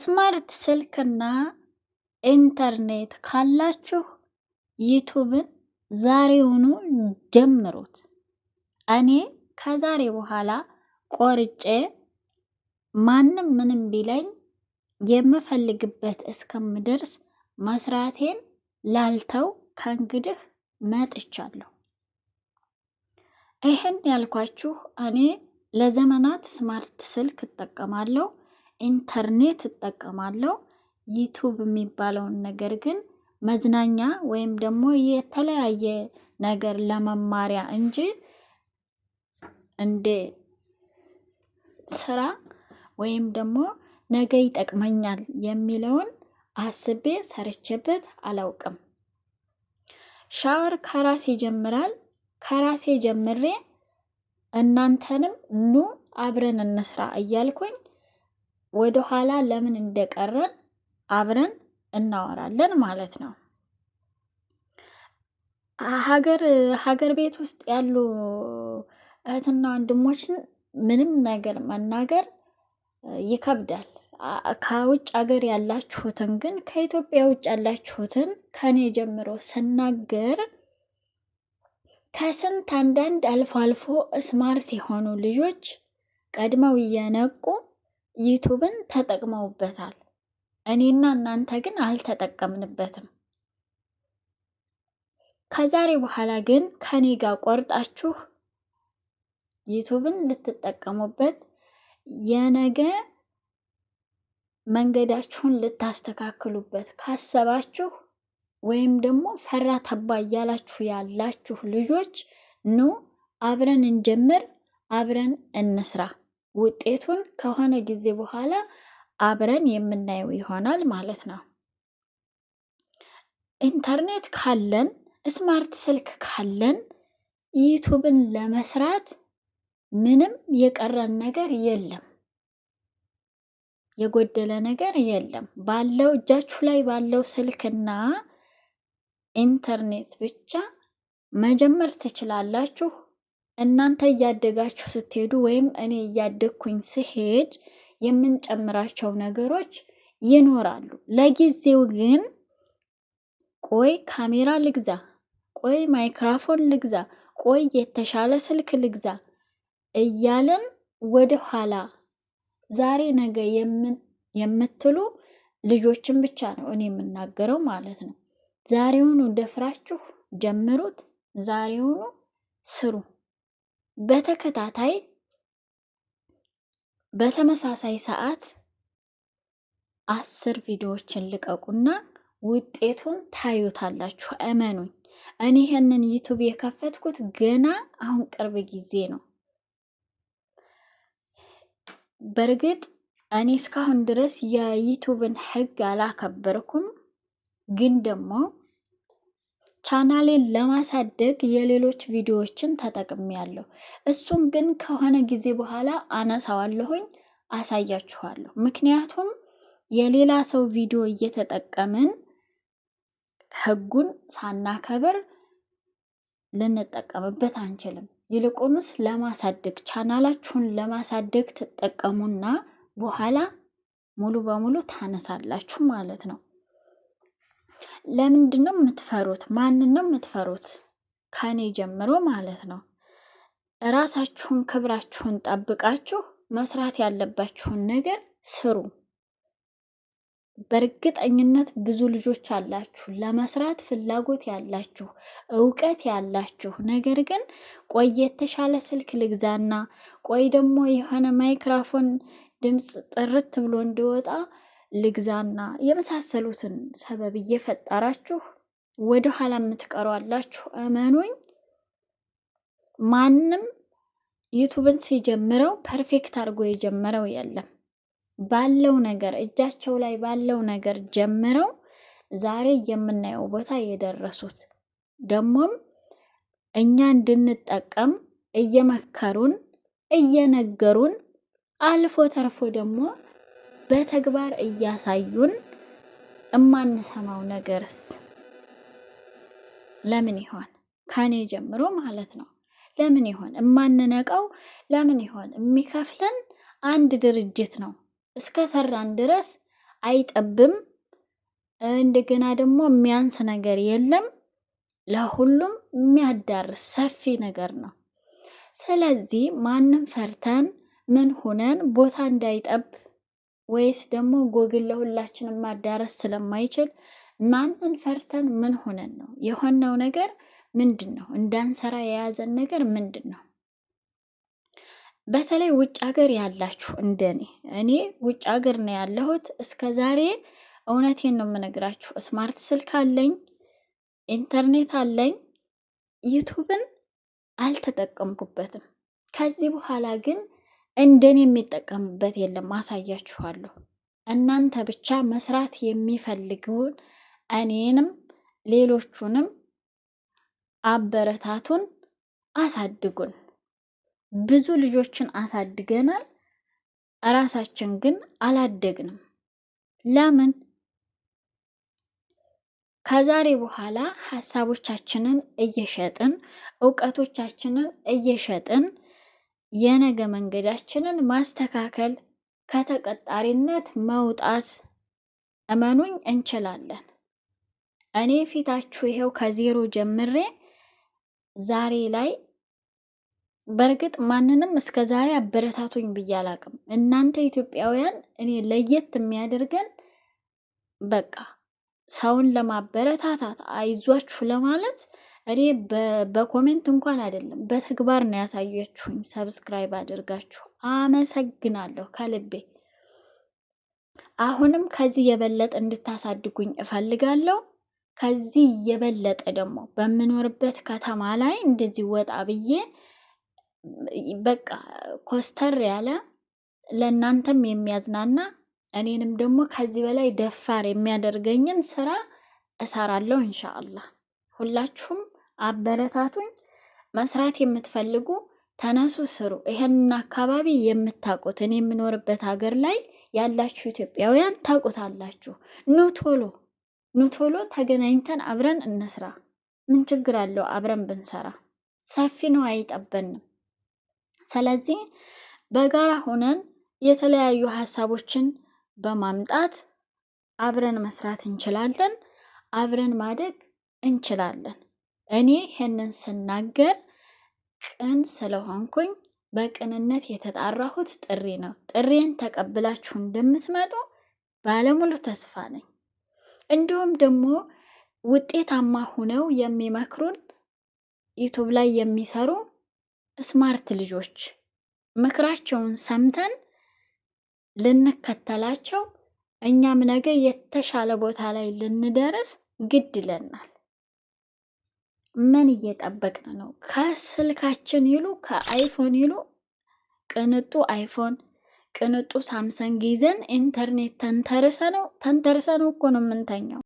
ስማርት ስልክና ኢንተርኔት ካላችሁ ዩቱብን ዛሬውኑ ጀምሩት። እኔ ከዛሬ በኋላ ቆርጬ ማንም ምንም ቢለኝ የምፈልግበት እስከምደርስ መስራቴን ላልተው ከእንግዲህ መጥቻለሁ። ይህን ያልኳችሁ እኔ ለዘመናት ስማርት ስልክ እጠቀማለሁ። ኢንተርኔት እጠቀማለሁ። ዩቱብ የሚባለውን ነገር ግን መዝናኛ ወይም ደግሞ የተለያየ ነገር ለመማሪያ እንጂ እንደ ስራ ወይም ደግሞ ነገ ይጠቅመኛል የሚለውን አስቤ ሰርቼበት አላውቅም። ሻወር ከራሴ ይጀምራል ከራሴ ጀምሬ እናንተንም ኑ አብረን እንስራ እያልኩኝ ወደኋላ ለምን እንደቀረን አብረን እናወራለን ማለት ነው። ሀገር ሀገር ቤት ውስጥ ያሉ እህትና ወንድሞችን ምንም ነገር መናገር ይከብዳል። ከውጭ ሀገር ያላችሁትን ግን ከኢትዮጵያ ውጭ ያላችሁትን ከኔ ጀምሮ ስናገር ከስንት አንዳንድ አልፎ አልፎ ስማርት የሆኑ ልጆች ቀድመው እየነቁ ዩቱብን ተጠቅመውበታል። እኔና እናንተ ግን አልተጠቀምንበትም። ከዛሬ በኋላ ግን ከኔ ጋር ቆርጣችሁ ዩቱብን ልትጠቀሙበት የነገ መንገዳችሁን ልታስተካክሉበት ካሰባችሁ ወይም ደግሞ ፈራ ተባ እያላችሁ ያላችሁ ልጆች ኑ አብረን እንጀምር፣ አብረን እንስራ። ውጤቱን ከሆነ ጊዜ በኋላ አብረን የምናየው ይሆናል ማለት ነው። ኢንተርኔት ካለን ስማርት ስልክ ካለን ዩቱብን ለመስራት ምንም የቀረን ነገር የለም። የጎደለ ነገር የለም። ባለው እጃችሁ ላይ ባለው ስልክና ኢንተርኔት ብቻ መጀመር ትችላላችሁ። እናንተ እያደጋችሁ ስትሄዱ ወይም እኔ እያደግኩኝ ስሄድ የምንጨምራቸው ነገሮች ይኖራሉ። ለጊዜው ግን ቆይ ካሜራ ልግዛ፣ ቆይ ማይክራፎን ልግዛ፣ ቆይ የተሻለ ስልክ ልግዛ እያለን ወደ ኋላ ዛሬ ነገ የምትሉ ልጆችን ብቻ ነው እኔ የምናገረው ማለት ነው። ዛሬውኑ ደፍራችሁ ጀምሩት። ዛሬውኑ ስሩ። በተከታታይ በተመሳሳይ ሰዓት አስር ቪዲዮዎችን ልቀቁና ውጤቱን ታዩታላችሁ። እመኑኝ። እኔ ይህንን ዩቱብ የከፈትኩት ገና አሁን ቅርብ ጊዜ ነው። በእርግጥ እኔ እስካሁን ድረስ የዩቱብን ሕግ አላከበርኩም፣ ግን ደግሞ ቻናሌን ለማሳደግ የሌሎች ቪዲዮዎችን ተጠቅሜያለሁ። እሱን ግን ከሆነ ጊዜ በኋላ አነሳዋለሁኝ አሳያችኋለሁ። ምክንያቱም የሌላ ሰው ቪዲዮ እየተጠቀምን ህጉን ሳናከብር ልንጠቀምበት አንችልም። ይልቁንስ ለማሳደግ ቻናላችሁን ለማሳደግ ትጠቀሙና በኋላ ሙሉ በሙሉ ታነሳላችሁ ማለት ነው። ለምንድን ነው የምትፈሩት? ማንን ነው የምትፈሩት? ከኔ ጀምሮ ማለት ነው። ራሳችሁን ክብራችሁን ጠብቃችሁ መስራት ያለባችሁን ነገር ስሩ። በእርግጠኝነት ብዙ ልጆች አላችሁ፣ ለመስራት ፍላጎት ያላችሁ፣ እውቀት ያላችሁ። ነገር ግን ቆይ የተሻለ ስልክ ልግዛና ቆይ ደግሞ የሆነ ማይክራፎን ድምፅ ጥርት ብሎ እንዲወጣ ልግዛና የመሳሰሉትን ሰበብ እየፈጠራችሁ ወደ ኋላ የምትቀሩ አላችሁ። እመኑኝ ማንም ዩቱብን ሲጀምረው ፐርፌክት አድርጎ የጀመረው የለም። ባለው ነገር እጃቸው ላይ ባለው ነገር ጀምረው ዛሬ የምናየው ቦታ የደረሱት ደግሞም እኛ እንድንጠቀም እየመከሩን እየነገሩን አልፎ ተርፎ ደግሞ በተግባር እያሳዩን እማንሰማው ነገርስ ለምን ይሆን? ከኔ ጀምሮ ማለት ነው። ለምን ይሆን እማንነቃው? ለምን ይሆን የሚከፍለን አንድ ድርጅት ነው። እስከ ሰራን ድረስ አይጠብም። እንደገና ደግሞ የሚያንስ ነገር የለም። ለሁሉም የሚያዳርስ ሰፊ ነገር ነው። ስለዚህ ማንም ፈርተን ምን ሁነን ቦታ እንዳይጠብ ወይስ ደግሞ ጎግል ለሁላችንም ማዳረስ ስለማይችል ማንን ፈርተን ምን ሆነን ነው? የሆነው ነገር ምንድን ነው? እንዳንሰራ የያዘን ነገር ምንድን ነው? በተለይ ውጭ ሀገር ያላችሁ እንደኔ፣ እኔ ውጭ ሀገር ነው ያለሁት እስከ ዛሬ። እውነቴን ነው የምነግራችሁ። ስማርት ስልክ አለኝ፣ ኢንተርኔት አለኝ፣ ዩቱብን አልተጠቀምኩበትም። ከዚህ በኋላ ግን እንደኔ የሚጠቀምበት የለም። አሳያችኋለሁ። እናንተ ብቻ መስራት የሚፈልገውን እኔንም ሌሎቹንም አበረታቱን፣ አሳድጉን። ብዙ ልጆችን አሳድገናል፣ እራሳችን ግን አላደግንም። ለምን? ከዛሬ በኋላ ሀሳቦቻችንን እየሸጥን እውቀቶቻችንን እየሸጥን የነገ መንገዳችንን ማስተካከል፣ ከተቀጣሪነት መውጣት እመኑኝ እንችላለን። እኔ ፊታችሁ ይሄው ከዜሮ ጀምሬ ዛሬ ላይ በእርግጥ ማንንም እስከ ዛሬ አበረታቱኝ ብዬ አላቅም። እናንተ ኢትዮጵያውያን እኔ ለየት የሚያደርገን በቃ ሰውን ለማበረታታት አይዟችሁ ለማለት እኔ በኮሜንት እንኳን አይደለም በተግባር ነው ያሳያችሁኝ። ሰብስክራይብ አድርጋችሁ አመሰግናለሁ ከልቤ። አሁንም ከዚህ የበለጠ እንድታሳድጉኝ እፈልጋለሁ። ከዚህ የበለጠ ደግሞ በምኖርበት ከተማ ላይ እንደዚህ ወጣ ብዬ በቃ ኮስተር ያለ ለእናንተም የሚያዝናና እኔንም ደግሞ ከዚህ በላይ ደፋር የሚያደርገኝን ስራ እሰራለሁ ኢንሻአላህ። ሁላችሁም አበረታቱኝ። መስራት የምትፈልጉ ተነሱ፣ ስሩ። ይህንን አካባቢ የምታውቁት እኔ የምኖርበት ሀገር ላይ ያላችሁ ኢትዮጵያውያን ታውቁታላችሁ። ኑ ቶሎ ኑ ቶሎ ተገናኝተን አብረን እንስራ። ምን ችግር አለው አብረን ብንሰራ? ሰፊ ነው አይጠበንም። ስለዚህ በጋራ ሆነን የተለያዩ ሀሳቦችን በማምጣት አብረን መስራት እንችላለን። አብረን ማደግ እንችላለን። እኔ ይህንን ስናገር ቅን ስለሆንኩኝ በቅንነት የተጣራሁት ጥሪ ነው። ጥሬን ተቀብላችሁ እንደምትመጡ ባለሙሉ ተስፋ ነኝ። እንዲሁም ደግሞ ውጤታማ ሁነው የሚመክሩን ዩቱብ ላይ የሚሰሩ ስማርት ልጆች ምክራቸውን ሰምተን ልንከተላቸው እኛም ነገ የተሻለ ቦታ ላይ ልንደርስ ግድ ይለናል። ምን እየጠበቅን ነው? ከስልካችን ይሉ ከአይፎን ይሉ ቅንጡ አይፎን ቅንጡ ሳምሰንግ ይዘን ኢንተርኔት ተንተርሰ ነው ተንተርሰ ነው እኮ ነው የምንተኛው።